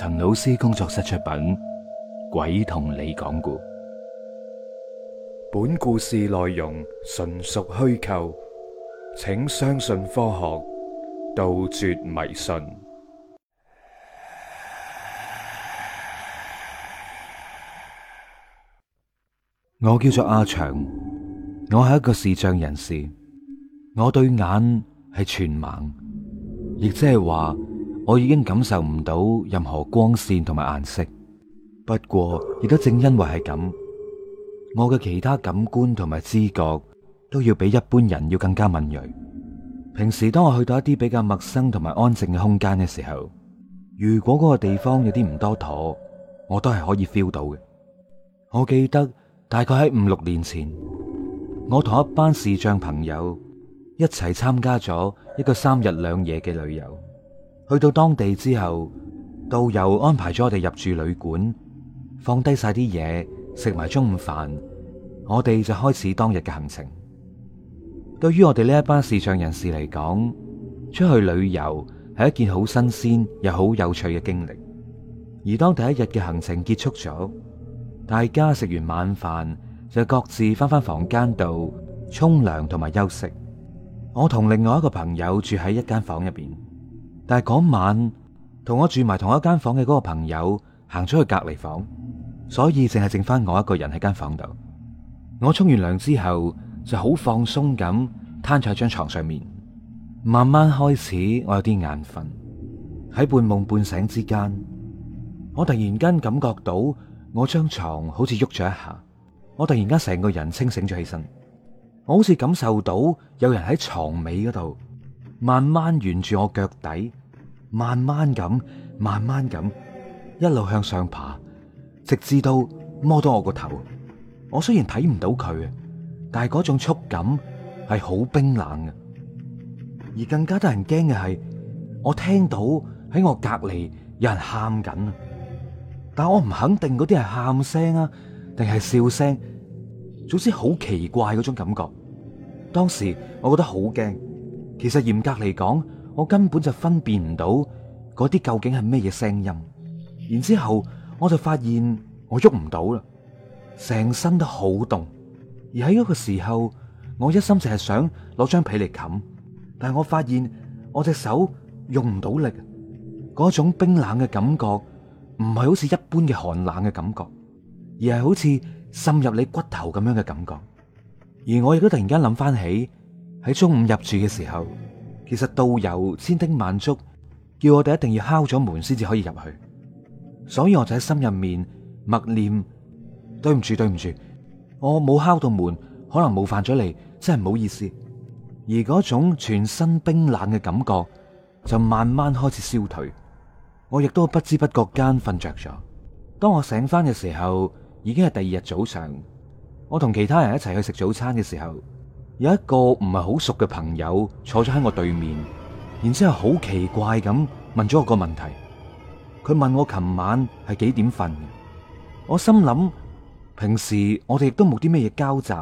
陳老師工作室出品《鬼同你講故》，本故事內容純屬虛構，請相信科學，杜絕迷信。我叫做阿強，我係一個視障人士，我對眼係全盲，亦即係話，我已經感受唔到任何光線同埋顏色，不過亦都正因為係咁，我嘅其他感官同埋知覺都要比一般人要更加敏銳。平時當我去到一啲比較陌生同埋安靜嘅空間嘅時候，如果嗰個地方有啲唔多妥，我都係可以 feel 到嘅。我記得大概喺五六年前，我同一班視障朋友一齊參加咗一個三日兩夜嘅旅遊。去到當地之後，導遊安排咗我哋入住旅館，放低晒啲嘢，食埋中午飯，我哋就開始當日嘅行程。對於我哋呢一班視障人士嚟講，出去旅遊係一件好新鮮又好有趣嘅經歷。而當第一日嘅行程結束咗，大家食完晚飯就各自翻返房間度沖涼同埋休息。我同另外一個朋友住喺一間房入邊。但係嗰晚同我住埋同一間房嘅嗰個朋友行咗去隔離房，所以淨係剩翻我一個人喺間房度。我沖完涼之後就好放鬆咁攤咗喺張床上面，慢慢開始我有啲眼瞓。喺半夢半醒之間，我突然間感覺到我張床好似喐咗一下，我突然間成個人清醒咗起身，我好似感受到有人喺床尾嗰度慢慢沿住我腳底。慢慢咁，慢慢咁，一路向上爬，直至到摸到我個頭。我雖然睇唔到佢啊，但係嗰種觸感係好冰冷嘅。而更加得人驚嘅係，我聽到喺我隔籬有人喊緊，但我唔肯定嗰啲係喊聲啊，定係笑聲。總之好奇怪嗰種感覺。當時我覺得好驚。其實嚴格嚟講，我根本就分辨唔到嗰啲究竟係咩嘢聲音，然之後我就發現我喐唔到啦，成身都好凍，而喺嗰個時候，我一心淨係想攞張被嚟冚，但係我發現我隻手用唔到力，嗰種冰冷嘅感覺唔係好似一般嘅寒冷嘅感覺，而係好似滲入你骨頭咁樣嘅感覺，而我亦都突然間諗翻起喺中午入住嘅時候。其實導遊千叮萬囑，叫我哋一定要敲咗門先至可以入去，所以我就喺心入面默念：對唔住，對唔住，我冇敲到門，可能冒犯咗你，真係唔好意思。而嗰種全身冰冷嘅感覺就慢慢開始消退，我亦都不知不覺間瞓着咗。當我醒翻嘅時候，已經係第二日早上。我同其他人一齊去食早餐嘅時候。有一個唔係好熟嘅朋友坐咗喺我對面，然之後好奇怪咁問咗我個問題。佢問我琴晚係幾點瞓嘅？我心諗平時我哋亦都冇啲咩嘢交集，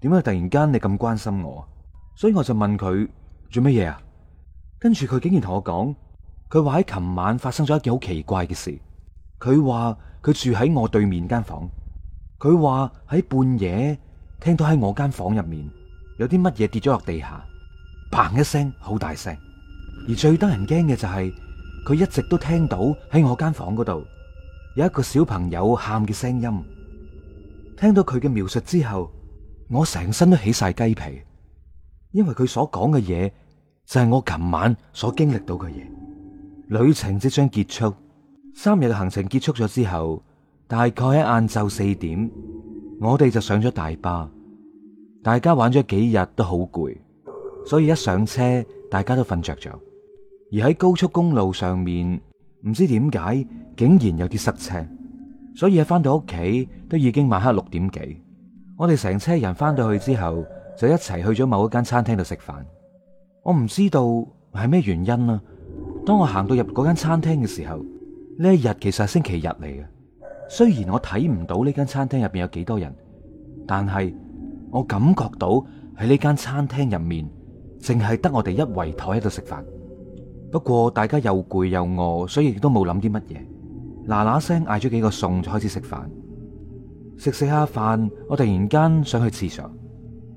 點解突然間你咁關心我？所以我就問佢做乜嘢啊？跟住佢竟然同我講，佢話喺琴晚發生咗一件好奇怪嘅事。佢話佢住喺我對面間房，佢話喺半夜聽到喺我間房入面。有啲乜嘢跌咗落地下，砰一聲，好大聲。而最得人驚嘅就係，佢一直都聽到喺我間房嗰度有一個小朋友喊嘅聲音。聽到佢嘅描述之後，我成身都起晒雞皮，因為佢所講嘅嘢就係我琴晚所經歷到嘅嘢。旅程即將結束，三日嘅行程結束咗之後，大概喺晏晝四點，我哋就上咗大巴。大家玩咗幾日都好攰，所以一上車大家都瞓着咗。而喺高速公路上面，唔知點解竟然有啲塞車，所以一翻到屋企都已經晚黑六點幾。我哋成車人翻到去之後，就一齊去咗某一間餐廳度食飯。我唔知道係咩原因啦。當我行到入嗰間餐廳嘅時候，呢一日其實係星期日嚟嘅。雖然我睇唔到呢間餐廳入邊有幾多人，但係。我感覺到喺呢間餐廳入面，淨係得我哋一圍台喺度食飯。不過大家又攰又餓，所以亦都冇諗啲乜嘢。嗱嗱聲嗌咗幾個餸，就開始食飯。食食下飯，我突然間想去廁所，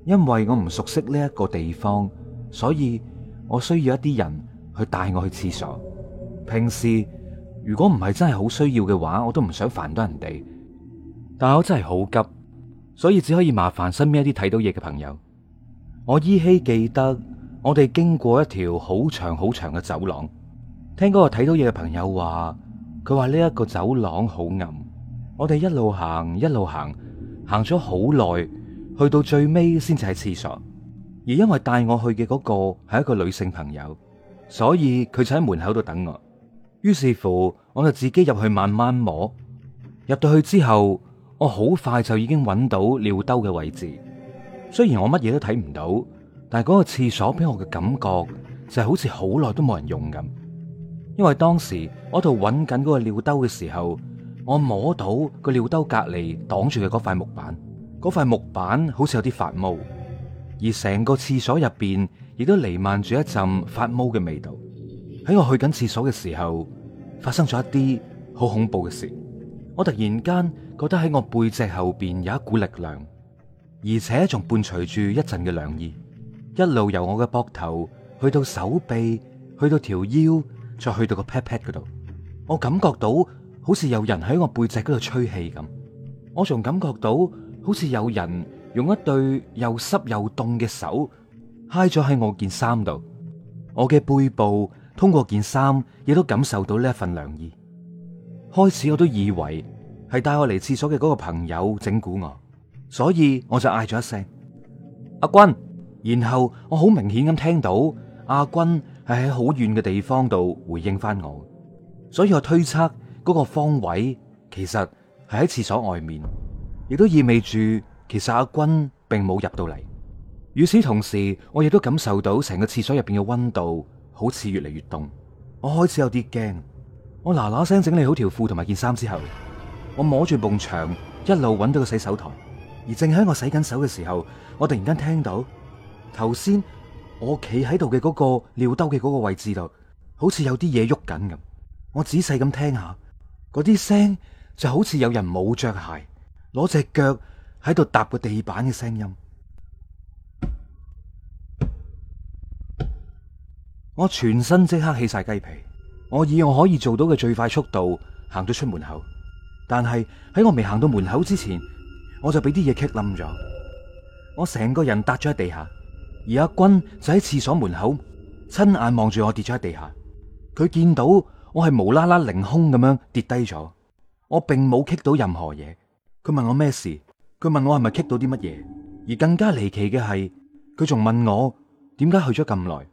因為我唔熟悉呢一個地方，所以我需要一啲人去帶我去廁所。平時如果唔係真係好需要嘅話，我都唔想煩到人哋。但我真係好急。所以只可以麻煩身邊一啲睇到嘢嘅朋友。我依稀記得，我哋經過一條好長好長嘅走廊，聽嗰個睇到嘢嘅朋友話，佢話呢一個走廊好暗。我哋一路行一路行，行咗好耐，去到最尾先至喺廁所。而因為帶我去嘅嗰個係一個女性朋友，所以佢就喺門口度等我。於是乎，我就自己入去慢慢摸。入到去之後。我好快就已經揾到尿兜嘅位置，雖然我乜嘢都睇唔到，但係嗰個廁所俾我嘅感覺就係好似好耐都冇人用咁。因為當時我喺度揾緊嗰個尿兜嘅時候，我摸到個尿兜隔籬擋住嘅嗰塊木板，嗰塊木板好似有啲發毛，而成個廁所入邊亦都彌漫住一陣發毛嘅味道。喺我去緊廁所嘅時候，發生咗一啲好恐怖嘅事。我突然間覺得喺我背脊後邊有一股力量，而且仲伴隨住一陣嘅涼意，一路由我嘅膊頭去到手臂，去到條腰，再去到個 pat pat 嗰度。我感覺到好似有人喺我背脊嗰度吹氣咁，我仲感覺到好似有人用一對又濕又凍嘅手嗨咗喺我件衫度。我嘅背部通過件衫亦都感受到呢一份涼意。開始我都以為係帶我嚟廁所嘅嗰個朋友整蠱我，所以我就嗌咗一聲阿君，然後我好明顯咁聽到阿君係喺好遠嘅地方度回應翻我，所以我推測嗰個方位其實係喺廁所外面，亦都意味住其實阿君並冇入到嚟。與此同時，我亦都感受到成個廁所入邊嘅温度好似越嚟越凍，我開始有啲驚。我嗱嗱聲整理好條褲同埋件衫之後，我摸住埲牆一路揾到個洗手台，而正喺我洗緊手嘅時候，我突然間聽到頭先我企喺度嘅嗰個尿兜嘅嗰個位置度，好似有啲嘢喐緊咁。我仔細咁聽下，嗰啲聲就好似有人冇着鞋攞隻腳喺度搭個地板嘅聲音。我全身即刻起晒雞皮。我以我可以做到嘅最快速度行咗出門口，但係喺我未行到門口之前，我就俾啲嘢棘冧咗。我成個人搭咗喺地下，而阿君就喺廁所門口，親眼望住我跌咗喺地下。佢見到我係無啦啦凌空咁樣跌低咗，我並冇棘到任何嘢。佢問我咩事，佢問我係咪棘到啲乜嘢，而更加離奇嘅係，佢仲問我點解去咗咁耐。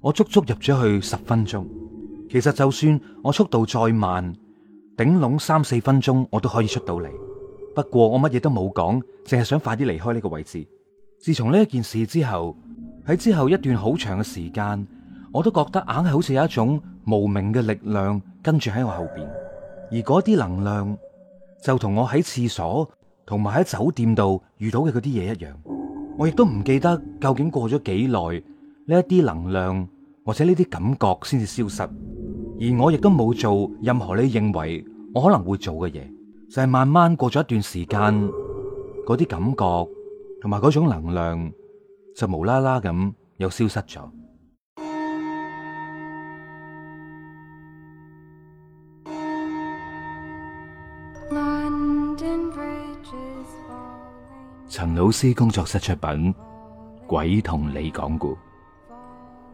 我足足入咗去十分鐘。其實就算我速度再慢，頂籠三四分鐘我都可以出到嚟。不過我乜嘢都冇講，淨係想快啲離開呢個位置。自從呢一件事之後，喺之後一段好長嘅時間，我都覺得硬係好似有一種無名嘅力量跟住喺我後邊，而嗰啲能量就同我喺廁所同埋喺酒店度遇到嘅嗰啲嘢一樣。我亦都唔記得究竟過咗幾耐呢一啲能量。或者呢啲感覺先至消失，而我亦都冇做任何你認為我可能會做嘅嘢，就係慢慢過咗一段時間，嗰啲感覺同埋嗰種能量就無啦啦咁又消失咗。陳老師工作室出品，《鬼同你講故》。